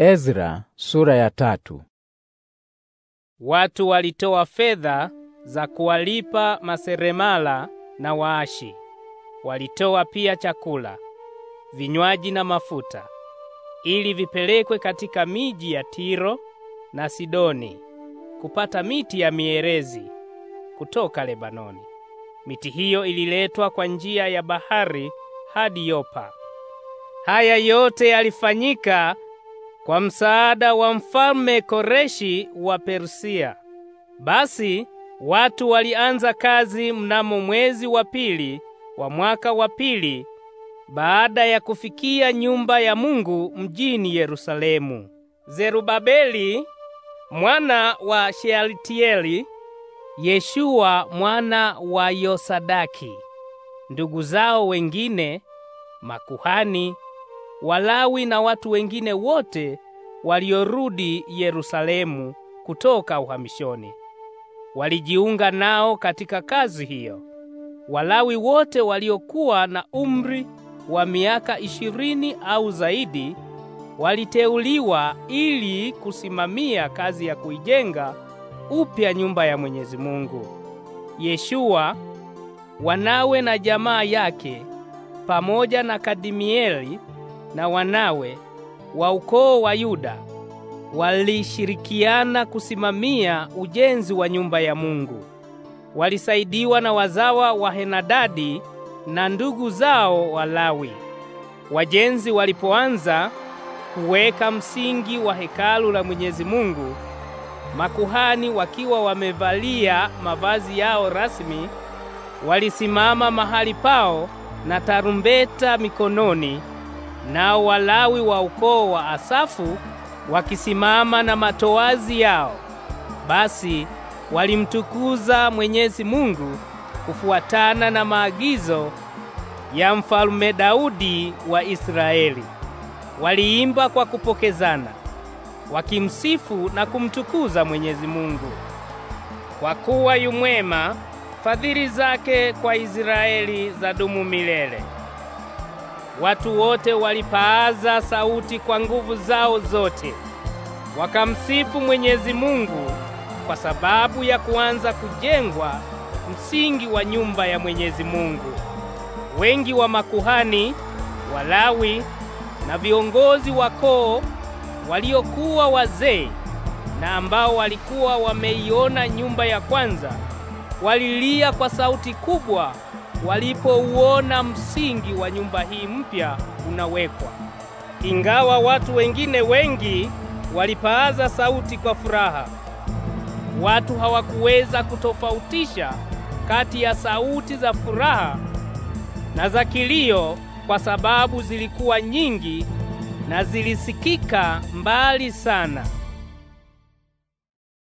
Ezra sura ya tatu. Watu walitoa fedha za kuwalipa maseremala na waashi. Walitoa pia chakula, vinywaji na mafuta ili vipelekwe katika miji ya Tiro na Sidoni kupata miti ya mierezi kutoka Lebanoni. Miti hiyo ililetwa kwa njia ya bahari hadi Yopa. Haya yote yalifanyika kwa msaada wa mfalme Koreshi wa Persia. Basi watu walianza kazi mnamo mwezi wa pili wa mwaka wa pili baada ya kufikia nyumba ya Mungu mjini Yerusalemu. Zerubabeli mwana wa Shealtieli, Yeshua mwana wa Yosadaki, ndugu zao wengine makuhani Walawi na watu wengine wote waliorudi Yerusalemu kutoka uhamishoni walijiunga nao katika kazi hiyo. Walawi wote waliokuwa na umri wa miaka ishirini au zaidi waliteuliwa ili kusimamia kazi ya kuijenga upya nyumba ya Mwenyezi Mungu. Yeshua, wanawe na jamaa yake pamoja na Kadimieli na wanawe wa ukoo wa Yuda walishirikiana kusimamia ujenzi wa nyumba ya Mungu. Walisaidiwa na wazawa wa Henadadi na ndugu zao Walawi. Wajenzi walipoanza kuweka msingi wa hekalu la Mwenyezi Mungu, makuhani wakiwa wamevalia mavazi yao rasmi walisimama mahali pao na tarumbeta mikononi nao Walawi wa ukoo wa Asafu wakisimama na matoazi yao. Basi walimtukuza Mwenyezi Mungu kufuatana na maagizo ya Mfalme Daudi wa Israeli. Waliimba kwa kupokezana, wakimsifu na kumtukuza Mwenyezi Mungu kwa kuwa yumwema fadhili zake kwa Israeli zadumu milele. Watu wote walipaaza sauti kwa nguvu zao zote, wakamsifu Mwenyezi Mungu kwa sababu ya kuanza kujengwa msingi wa nyumba ya Mwenyezi Mungu. Wengi wa makuhani, Walawi na viongozi wa koo waliokuwa wazee na ambao walikuwa wameiona nyumba ya kwanza walilia kwa sauti kubwa walipouona msingi wa nyumba hii mpya unawekwa. Ingawa watu wengine wengi walipaaza sauti kwa furaha, watu hawakuweza kutofautisha kati ya sauti za furaha na za kilio, kwa sababu zilikuwa nyingi na zilisikika mbali sana.